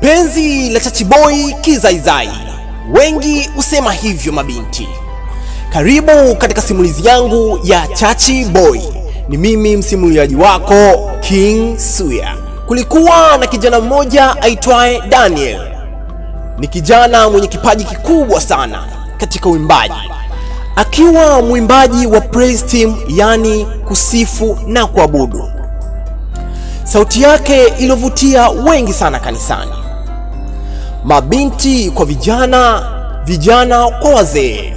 Penzi la chachiboi kizaizai, wengi husema hivyo mabinti. Karibu katika simulizi yangu ya Chachi Boy. Ni mimi msimuliaji wako King Suya. Kulikuwa na kijana mmoja aitwaye Daniel. Ni kijana mwenye kipaji kikubwa sana katika uimbaji, akiwa mwimbaji wa praise team, yani kusifu na kuabudu. Sauti yake ilovutia wengi sana kanisani mabinti kwa vijana, vijana kwa wazee.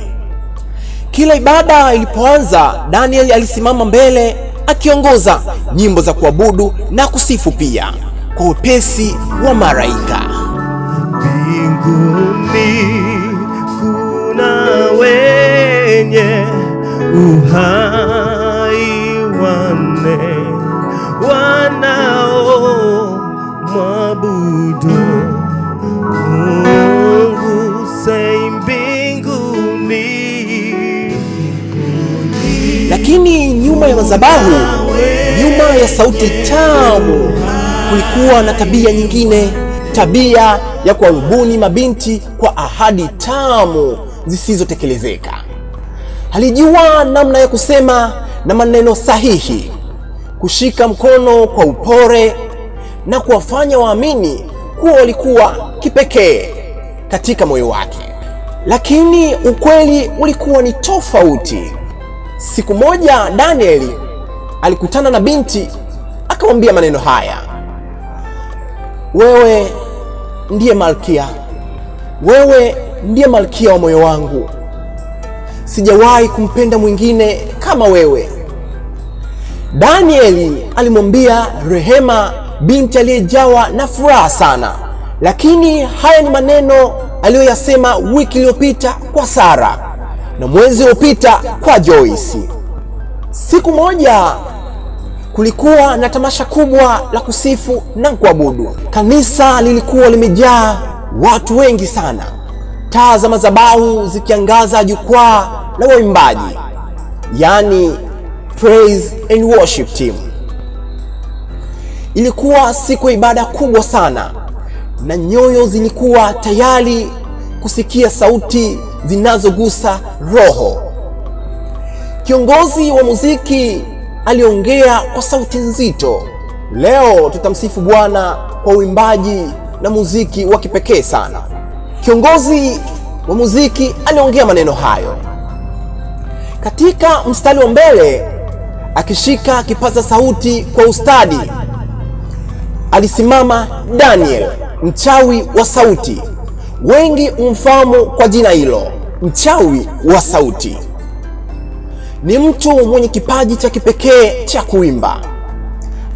Kila ibada ilipoanza, Daniel alisimama mbele akiongoza nyimbo za kuabudu na kusifu pia kwa upesi wa maraika. Mbinguni kuna wenye uhai nyuma ya madhabahu, nyuma ya sauti tamu, kulikuwa na tabia nyingine, tabia ya kuarubuni mabinti kwa ahadi tamu zisizotekelezeka. Alijua namna ya kusema na maneno sahihi, kushika mkono kwa upore na kuwafanya waamini kuwa walikuwa kipekee katika moyo wake, lakini ukweli ulikuwa ni tofauti. Siku moja Danieli alikutana na binti akamwambia maneno haya, wewe ndiye malkia, wewe ndiye malkia wa moyo wangu. Sijawahi kumpenda mwingine kama wewe. Danieli alimwambia Rehema, binti aliyejawa na furaha sana, lakini haya ni maneno aliyoyasema wiki iliyopita kwa Sara na mwezi upita kwa Joyce. Siku moja kulikuwa na tamasha kubwa la kusifu na kuabudu. Kanisa lilikuwa limejaa watu wengi sana, taa za madhabahu zikiangaza jukwaa la waimbaji, yaani praise and worship team. Ilikuwa siku ya ibada kubwa sana, na nyoyo zilikuwa tayari kusikia sauti zinazogusa roho. Kiongozi wa muziki aliongea kwa sauti nzito. Leo tutamsifu Bwana kwa uimbaji na muziki wa kipekee sana. Kiongozi wa muziki aliongea maneno hayo katika mstari wa mbele, akishika kipaza sauti kwa ustadi. Alisimama Daniel, mchawi wa sauti, wengi humfahamu kwa jina hilo, mchawi wa sauti. Ni mtu mwenye kipaji cha kipekee cha kuimba.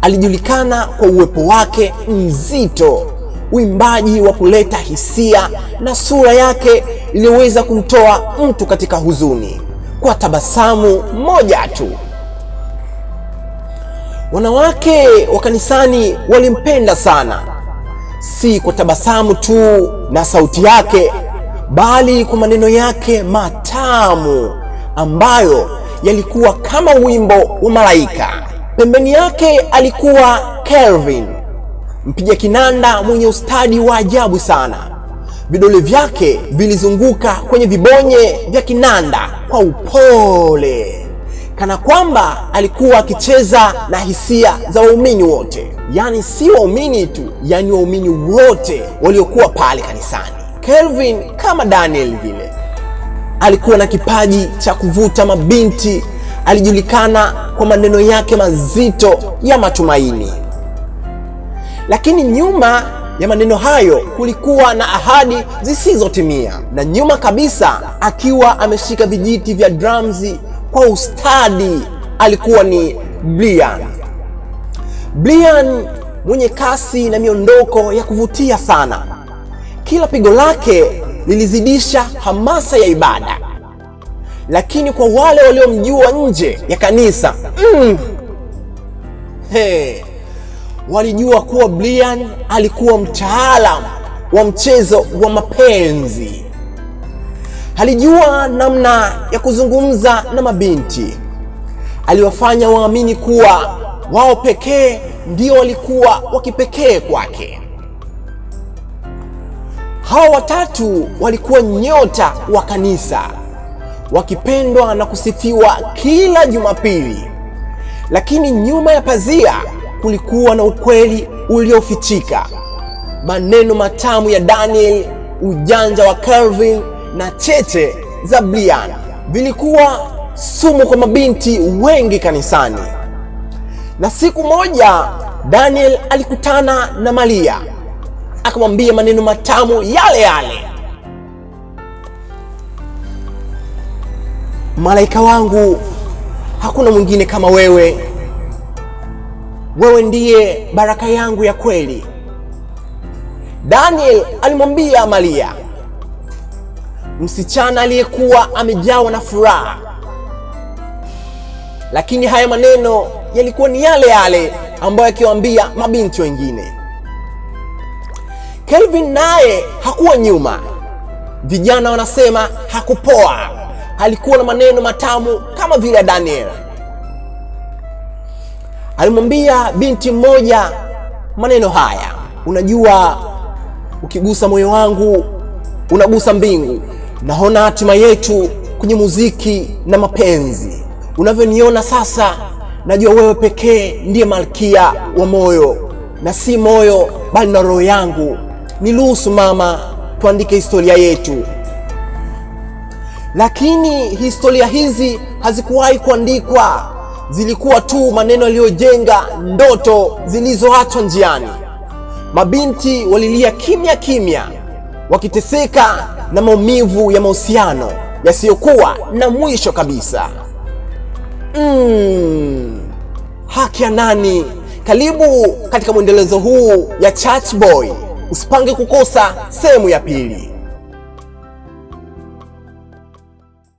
Alijulikana kwa uwepo wake mzito, uimbaji wa kuleta hisia na sura yake iliyoweza kumtoa mtu katika huzuni kwa tabasamu moja tu. Wanawake wa kanisani walimpenda sana si kwa tabasamu tu na sauti yake, bali kwa maneno yake matamu ambayo yalikuwa kama wimbo wa malaika. Pembeni yake alikuwa Kelvin, mpiga kinanda mwenye ustadi wa ajabu sana. Vidole vyake vilizunguka kwenye vibonye vya kinanda kwa upole kana kwamba alikuwa akicheza na hisia za waumini wote, yaani si waumini tu, yaani waumini wote waliokuwa pale kanisani. Kelvin kama Daniel vile alikuwa na kipaji cha kuvuta mabinti, alijulikana kwa maneno yake mazito ya matumaini, lakini nyuma ya maneno hayo kulikuwa na ahadi zisizotimia, na nyuma kabisa, akiwa ameshika vijiti vya drums kwa ustadi alikuwa ni Brian. Brian mwenye kasi na miondoko ya kuvutia sana. Kila pigo lake lilizidisha hamasa ya ibada, lakini kwa wale waliomjua nje ya kanisa mm, hey, walijua kuwa Brian alikuwa mtaalamu wa mchezo wa mapenzi. Alijua namna ya kuzungumza na mabinti, aliwafanya waamini kuwa wao pekee ndio walikuwa wa kipekee kwake. Hawa watatu walikuwa nyota wa kanisa, wakipendwa na kusifiwa kila Jumapili, lakini nyuma ya pazia kulikuwa na ukweli uliofichika, maneno matamu ya Daniel, ujanja wa Calvin na cheche za Brian vilikuwa sumu kwa mabinti wengi kanisani. Na siku moja Daniel alikutana na Maria akamwambia maneno matamu yale yale, malaika wangu, hakuna mwingine kama wewe, wewe ndiye baraka yangu ya kweli. Daniel alimwambia Maria msichana aliyekuwa amejawa na furaha. Lakini haya maneno yalikuwa ni yale yale ambayo akiwaambia mabinti wengine. Kelvin naye hakuwa nyuma, vijana wanasema hakupoa. Alikuwa na maneno matamu kama vile Daniel. Alimwambia binti mmoja maneno haya, unajua ukigusa moyo wangu unagusa mbingu. Naona hatima yetu kwenye muziki na mapenzi. Unavyoniona sasa, najua wewe pekee ndiye malkia wa moyo, na si moyo bali na roho yangu. Niruhusu mama, tuandike historia yetu. Lakini historia hizi hazikuwahi kuandikwa, zilikuwa tu maneno yaliyojenga ndoto zilizoachwa njiani. Mabinti walilia kimya kimya, wakiteseka na maumivu ya mahusiano yasiyokuwa na mwisho kabisa. Mm, haki ya nani? Karibu katika mwendelezo huu ya Church Boy, usipange kukosa sehemu ya pili.